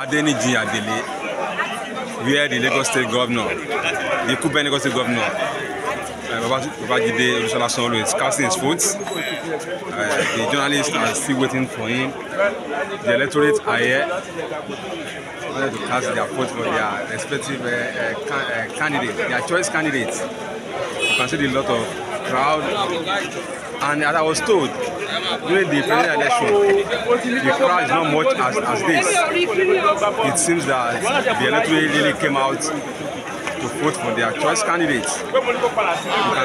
Adeniji Adele, where the Lagos State Governor, the Kuben Lagos State Governor, uh, Babajide Olusola Sanwo-Olu is casting his votes. Uh, the journalists are still waiting for him. The electorate are here wanted to cast their vote for their respective uh, uh, can uh, candidates, their choice candidates. You can see a lot of crowd. And as I was told, during the presidential election, the crowd is not much as, as this. It seems that the electorate really came out to vote for their choice candidates. You can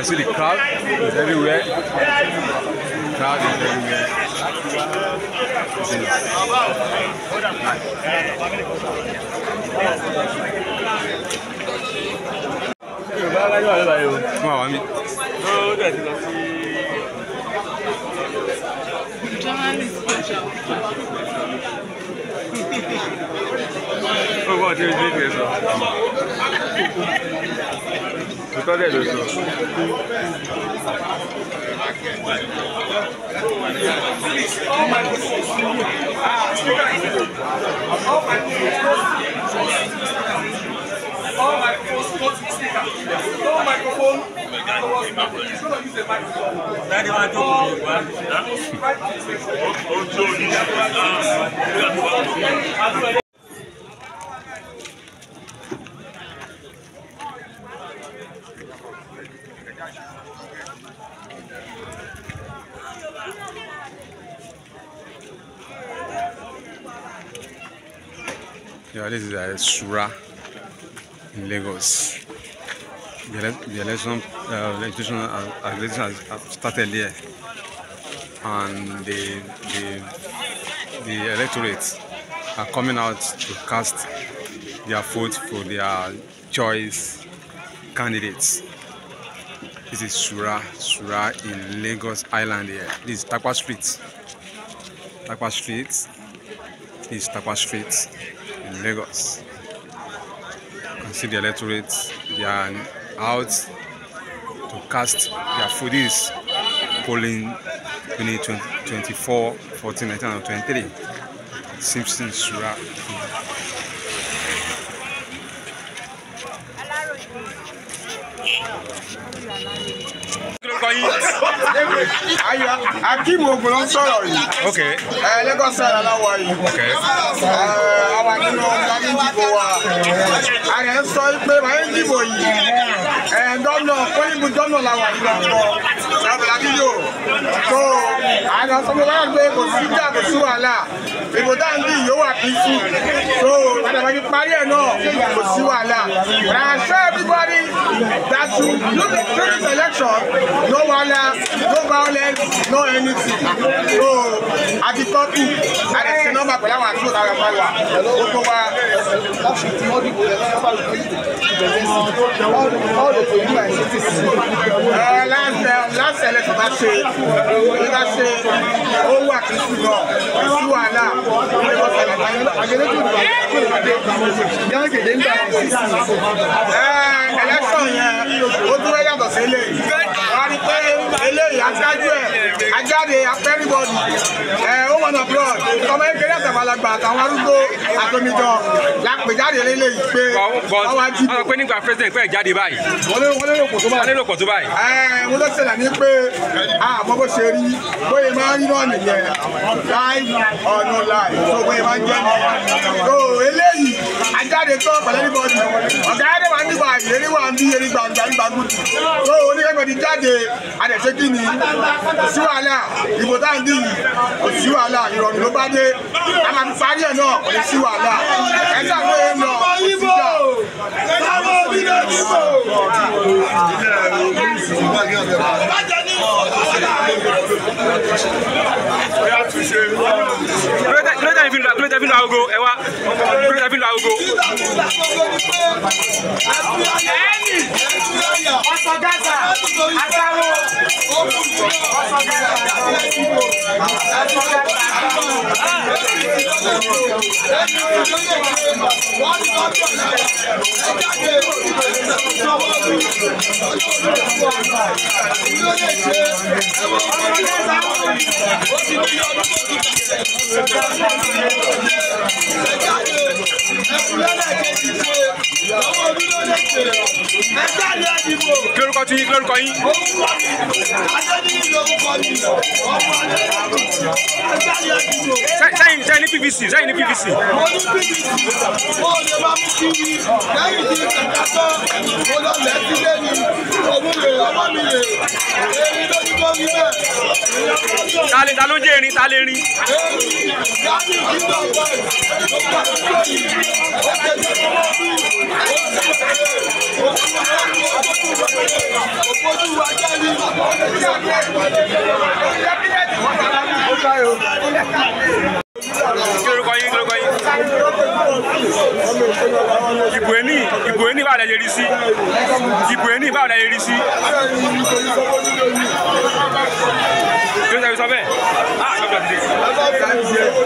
see the crowd is everywhere. The crowd is everywhere. It is nice. Wow, I mean. journalist. oh, what you did here, sir? You thought that was Oh my goodness. Ah, oh my goodness all microphones go to speaker. No microphone. He's going to use a microphone. Daddy, um, oh, oh, I don't know. Oh, Joe, he's going Yeah, this is a uh, surah. in Lagos. The, election uh, uh has, has uh, started here, and the, the, the electorates are coming out to cast their vote for their choice candidates. This is Sura, Sura in Lagos Island here. This is Takwa Street. Takwa Street. This is Takwa Street in Lagos. see the electorate, they are out to cast their foodies polling 20, 20, 24, 14, 19, and 23. Simpson Sura. Thank you yín ayọ akíìmù ogun ló ń sọ̀rọ̀ yìí ẹ lẹ́kọ̀ọ́sì aláwọ̀ yìí àwa nínú ọ̀gá ní wa àrẹ ń sọ pé màá ń dìbò yìí ẹ dọ́nà kọ́nìbù dọ́nà làwọn yìí lọ́kọ̀ sábẹ́ lábíyò tó àná sọ́kọ́ báyà pé kò sí jà kò sí wàhálà ìbò dáńdì yóò wà pín sí so àdàbàjì parí ẹ̀ náà kò sí wàhálà and I assure everybody that you look at this election no wahala no violence no anything so àti tọ́kì àti ṣe nọ́mbà pẹ̀lú àwọn àtúntò lára máa wà ó tó wá. Uh, last, uh, last election, I say, I say, oh, what is it? Oh, what is it? ẹlẹ́sọ̀ yẹn ó dúró yàtọ̀ sí eléyìí wọ́n á rí pé eléyìí aṣáájú ẹ̀ ajáde apẹ́rìbọ́dì ẹ̀ woman abroad ọmọ ẹgbẹ́ rẹ̀ àtàgbàlagbà àtàwọn arúgbó àtòmíjọ lápèjáde lélẹ̀ yìí pé ọwọ́ àdìbò. ọ̀rọ̀ pé nígbà president pẹ́ jáde báyìí. wọ́n lé lòpọ̀ tó báyìí. wọ́n lé lòpọ̀ tó báyìí. ẹ mo lọ ṣẹlẹ̀ ní pé àmọ́ bó ṣe rí bóyá máa ń rí náà nìyẹn live or no live tó bóyá máa ń jẹ́ nìyẹn. tó eléyìí ajáde tó pẹ̀lẹ́ ní bọ́ọ̀dì ọ̀gá ẹ̀rẹ́ wa nígbà ìlérí wa ń bí erí gbàǹgbà nígbà gùn tó oníkẹ́gbẹ̀dì jáde àdẹ̀ṣe kí ni sí wàhálà ìbò tá à ń dì yìí kò sí wàhálà ìrọ̀rùn ló bá dé a máa parí ẹ̀ náà kò sí wàhálà ẹ ṣàgbé ń lọ síjà. Sábọ̀ bí lè dìbò. Bàjẹ́ ní ìfọ̀tàlá fi lu kílódé fi lu agogo ẹ wá kílódé fi lu agogo. ẹni ọ̀sán gàdà àtàwọn ọ̀sán gàdà ọ̀sán gàdà Thank you lórúkọ tí yín lórúkọ yín. sẹ́yìn sẹ́yìn ní PVC sẹ́yìn ní PVC. mo ní PVC mo lè máa mú kí ni lẹ́yìn tí kàkà tán mo lọ lẹ́sílẹ̀ ni òun lè ọmọ mi lè èmi ló ta lè ta ló jẹ́ erin ta lè rin. Thank you.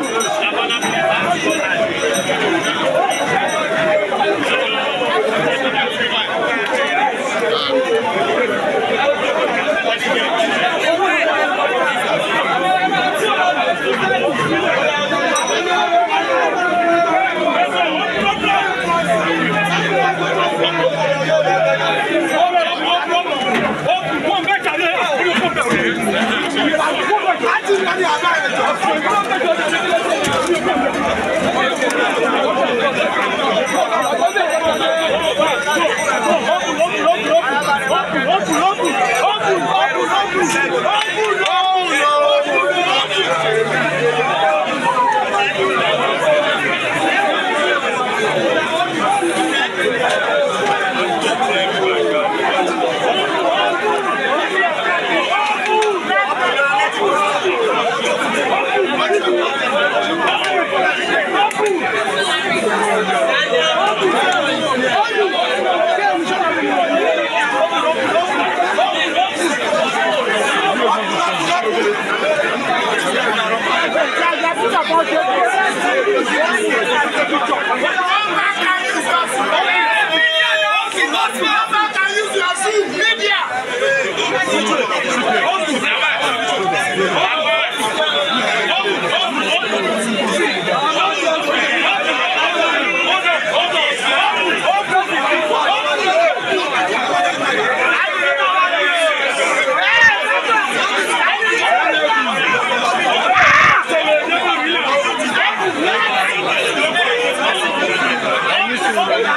La Media! ọ̀gá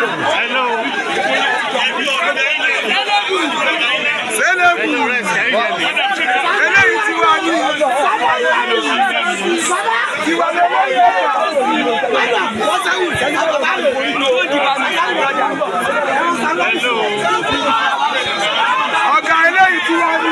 eléyìí tí wọ́n ní.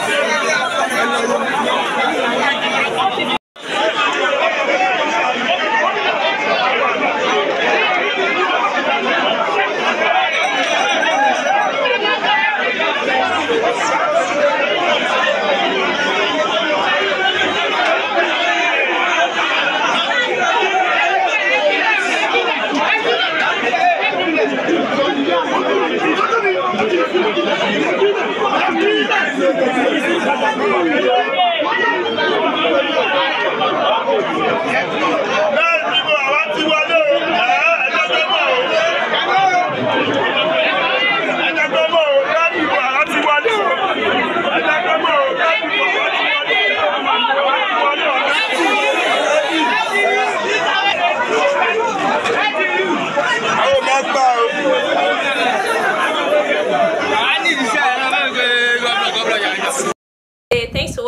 Hallelujah.